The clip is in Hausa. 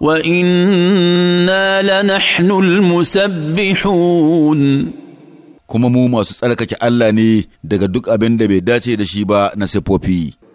وانا لنحن المسبحون kuma mu masu tsarkake Allah ne daga duk abin da bai dace da shi ba na siffofi.